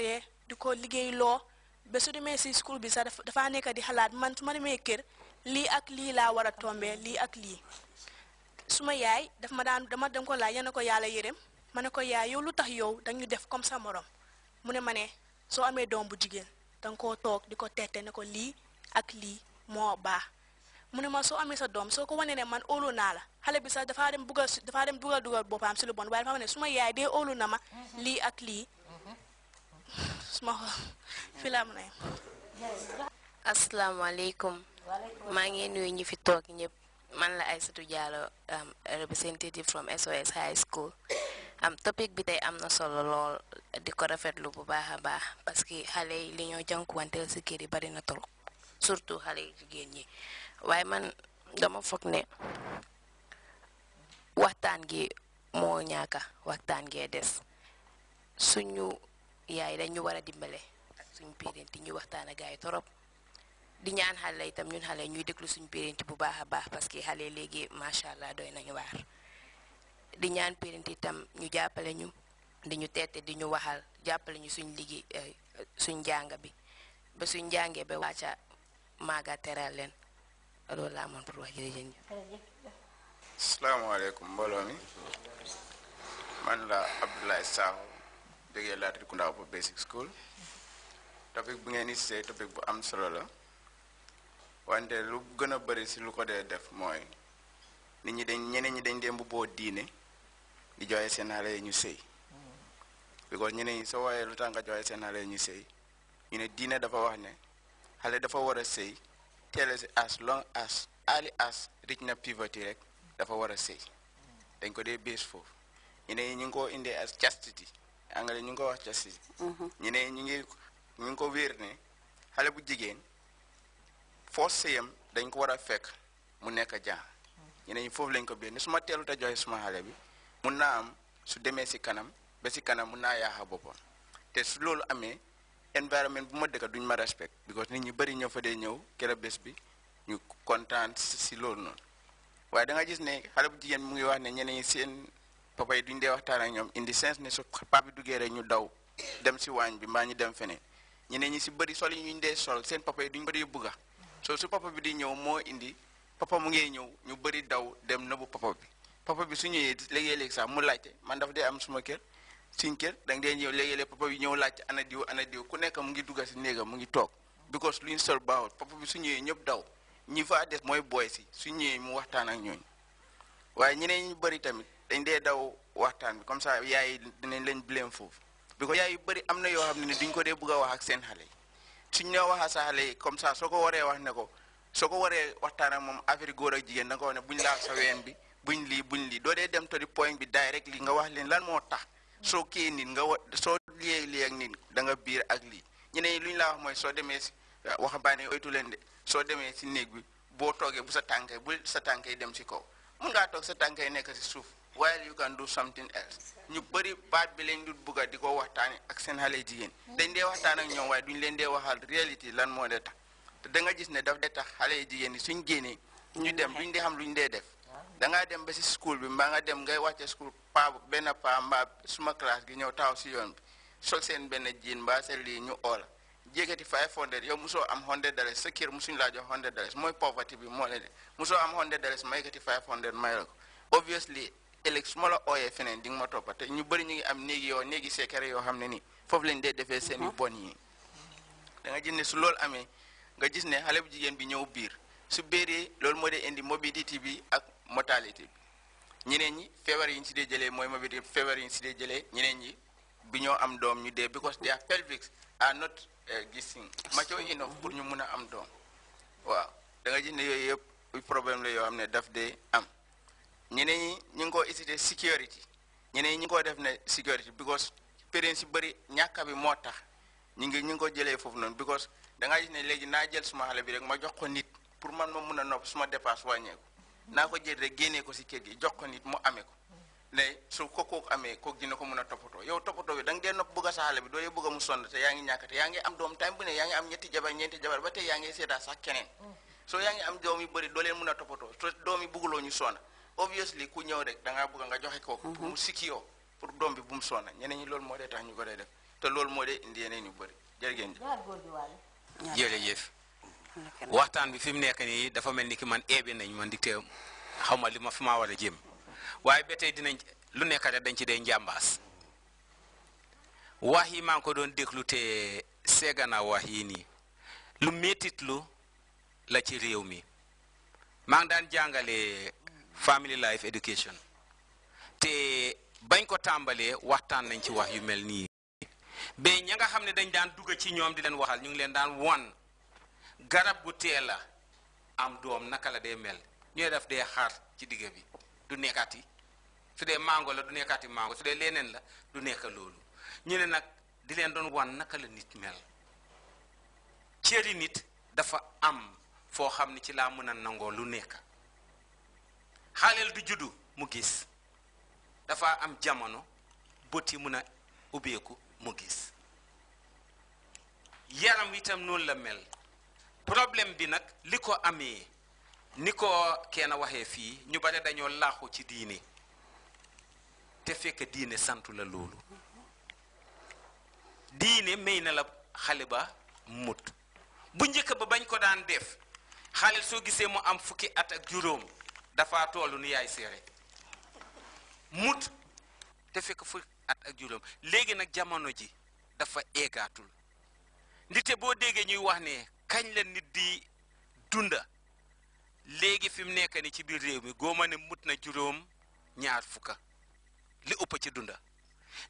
après di ko liggéey loo ba su demee si school bi sax dafaa nekk di xalaat man su ma demee kër lii ak lii laa war a tombee lii ak lii suma yaay daf ma daan dama dem ko laaj yana ko yàlla yërëm ma ne ko yaay yow lu tax yow dañu def comme sa morom mu ne ma ne soo amee doom bu jigéen dan koo toog di ko tette ne ko lii ak lii moo baax mu ne ma soo amee sa doom soo ko wanee ne man óolu naa la xale bi sax dafaa dem buggal dafaa dem dugal dugal boppam si lu bon waaye dafa ne suma yaay na ma lii ak lii اسمه في الامنين السلام عليكم ما نغي نوي ني في توك ñep man la Aissatou Diallo um, representative from SOS High School am topic bi tey am na solo lol di ko rafetlu bu baax a baax parce que xale yi li ñoo jànkuwanteel si kër yi bari na trop surtout xale yi jigéen ñi waaye man dama foog ne waxtaan gi moo ñaaka waxtaan gee des suñu yaay dañ ñu war a dimbale ak suñ pérénti ñu waxtaan ak gaay e torop di ñaan xale itam ñun xale ñuy déglu suñ pérénti bu baax a baax parce que xale léegi macha allah doy nañu waar di ñaan pérénti itam ñu jàppale ñu di ñu teete di ñu waxal jàppale ñu suñ ligi eh, suñ jàng bi ba suñ jàngee ba wàcca maaga teral leen loolu laa amoon pour wax jërëjëf salaamaaleykum mbooloo mi man la Abdoulaye jógee Latir Koundaaw basic school topic bi ngeen di see topic bu am solo la wante lu gën a bëri si lu ko dee def mooy nit ñi dañ ñeneen ñi dañ dem bu boo diine di joxe seen xale yi ñu sëy because ñeneen ñi soo waaye lu tax nga joxe seen xale yi ñu sëy ñu ne diine dafa wax ne xale dafa war a sëy teel si as long as early as reach na puberty rek dafa war a sëy dañ ko dee bées foofu ñeneen ñi ñu ngi koo indee as chastity angale ñu ngi ko wax ca si ñu mm-hmm. ne ñu ngi ñu ngi ko wéer ne xale bu jigéen foo sëyam dañ ko war a fekk mu nekk jaan ñu ne foofu lañ ko biir ni su ma teelu te joxe suma xale bi mun naa am su demee si kanam ba si kanam mun naa yaaxa boppam te su loolu amee environnement bu ma dëkka duñ ma respect because nit ñi bëri ñoo fa dee ñëw kër bés bi ñu kontaan si loolu noonu waaye da nga gis ne xale bu jigéen mu ngi wax ne ñeneen seen papa yi duñ dee waxtaan ak ñoom indi sens ne su papa bi duggee rek ñu daw dem si waañ bi mbaa ñu dem feneen ñeneen ñi si bëri sol yi ñu dee sol seen papa yi duñ bëri bugga soo su papa bi di ñëw moo indi papa mu ngee ñëw ñu bëri daw dem nëbu papa bi papa bi su ñëwee léegi-léegi sax mu laajte man dafa dee am suma kër suñ kër da nga ñëw léegi-léeg papa bi ñëw laajte ana diw ana diw ku nekk mu ngi dugga si néegam mu ngi toog because lu ñu sol papa bi su ñëwee ñëpp daw ñi fa des mooy booy si su ñëwee mu waxtaan ak ñooñu waaye ñeneen ñu bëri tamit dañ dee daw waxtaan bi comme saa yaay dinañ leen blame foofu bi ko yaay yu bëri am na yoo xam ne duñ ko dee bëgg a wax ak seen xale yi suñ la waxaa sa xale yi comme ça soo ko waree wax ne ko soo ko waree waxtaan moom affaire góor ak jigéen da ko wax ne buñ laal sa bi buñ lii buñ lii doo dee dem to di point bi direct li nga wax leen lan moo tax soo kii nit nga wa soo liyee lii ak nit da biir ak lii ñu ne la ñu wax mooy soo demee si waxambaane oytu leen de soo demee si néeg bi boo toogee bu sa tànkee bu sa tànkee dem si kaw mun ngaa toog sa tànkee nekk si suuf while you can do something else ñu bëri baat bi lañ dul bugga di ko waxtaani ak seen xale jigéen dañ dee waxtaan ak ñoom waaye duñ leen dee waxal réalité lan moo dee tax te da nga gis ne daf dee tax xale jigéen yi suñ génnee ñu dem duñ dee xam luñ dee def da ngaa dem ba si school bi mbaa nga dem ngay wàcce school paa benn paa mbaa suma classe gi ñëw taxaw si yoon bi sol seen benn jiin mbaa seen lii ñu oola jékkati yow musoo am hundred dollars sa kër musuñ laa jox dollars mooy poverty bi moo leen musoo am hundred dollars ma yëkkati five hundred may la ko obviously ëllëg su ma la ooyee feneen di nga ma toppa te ñu bari ñu ngi am néegi yoo néegi seekare yoo xam ne ni foofu lañu dee defee seen yu uh-huh. bon yi da nga gis ne su loolu amee nga gis ne xale bu jigéen bi ñëw biir su béeree loolu moo dee indi morbidité bi ak mortalité bi ñeneen ñi feebar yi ñu si dee jëlee mooy morbidité feebar yi ñu si dee jëlee ñeneen ñi bi ñoo am doom ñu dee because their pelvics are not eh, gissing mature enough mm-hmm. pour ñu mun a am doom waaw da nga ne yooyu yëpp problème la yoo xam ne daf dee am ñeneen ñi ñu ngi ko incité security ñeneen ñi ñu ngi ko def ne security because parents yi bëri ñàkk bi moo tax ñu ngi ko jëlee foofu noonu because da nga gis ne léegi naa jël suma xale bi rek ma jox ko nit pour man ma mun a nopp suma dépasse wàññeeku naa ko jël rek génnee ko si kër gi jox ko nit mu amee ko léegi su ko kooku amee kooku dina ko mun a toppatoo yow toppatoo bi da dee nopp bëgg a sa xale bi doo dee bëgg a mu sonn te yaa ngi ñàkk te yaa ngi am doom time bu yaa ngi am ñetti jabar ñeenti jabar ba tey yaa ngi seedaa ñu sonn obviously ku ñëw rek da ngaa bëgg nga joxe ko pour mhm. mu sikiyoo pour doom bi bu mu sonna ñene ñi loolu moo dee tax ñu ko dee def te loolu moo dee indi yeneen yu bëri jërëgéen jërëjëf waxtaan bi fi mu nekk nii dafa mel ni ki man ebe nañ man dikte te li ma fi maa war a jëm waaye ba tey dinañ lu nekk rek dañ ci dee njàmbaas wax yi maa ko doon déglu te seegana wax yi nii lu métitlu la ci réew mi maa ngi daan jàngale family life education te bañ ko tàmbalee waxtaan nañ ci wax yu mel nii ba ña nga xam ne dañ daan dugg ci ñoom di leen waxal ñu ngi leen daan wan garab gu teel a am doom naka la dee mel ñooy def dee xar ci digg bi du nekkati su dee mango la du nekkati mango su dee leneen la du nekk loolu ñu ne nag di leen doon wan naka la nit mel cëri nit dafa am foo xam ne ci laa mën a nangoo lu nekk xaaleel du juddu mu gis dafa am jamono bët yi mun a ubbeeku mu gis yaram itam noonu la mel problème bi nag li ko amee ni ko kenn waxee fii ñu bare dañoo laaxu ci diine te fekk diine santu la loolu diine may na la xale ba mut bu njëkk ba bañ ko daan def xaaleel soo gisee mu am fukki at ak juróom dafa toll ni yaay seere mut te fekk fukki at ak juróom léegi nag jamono ji dafa eegaatul ndite boo déggee ñuy wax ne kañ la nit di dunda léegi fi mu nekk ni ci biir réew mi góoma ne mut na juróom ñaar fukka li ëpp ci dunda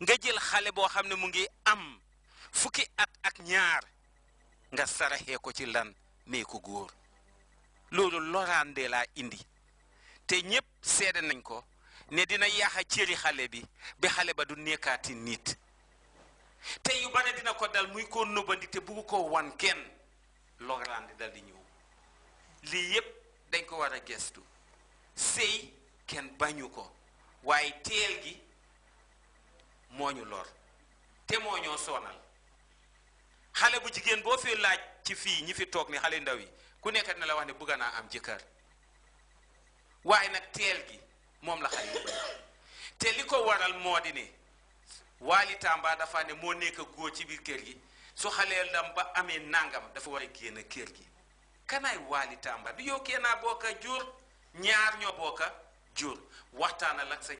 nga jël xale boo xam ne mu ngi am fukki at ak ñaar nga saraxee ko ci lan mee ko góor loolu loraandee laa indi te ñépp seede nañ ko ne dina yaaxa cëri xale bi ba xale ba du nekkaati nit te yu bare dina ko dal muy ko nëbbandi te bugg ko wan kenn loraande dal di ñëw lii yëpp dañ ko war a gestu sëy kenn bañu ko waaye teel gi moo ñu lor te moo ñoo sonal xale bu jigéen boo fi laaj ci fii ñi fi toog ni xale ndaw yi ku nekk dina la wax ne bugga naa am jëkkër waaye nag teel gi moom la xale yi te li ko waral moo di ne waali tàmba dafa ne moo nekk góor ci biir kër gi su xaleel dam ba amee nangam dafa war a génn kër gi kanaay waali tàmba du yow kee naa bokka jur ñaar ñoo bokka jur waxtaanal ak sa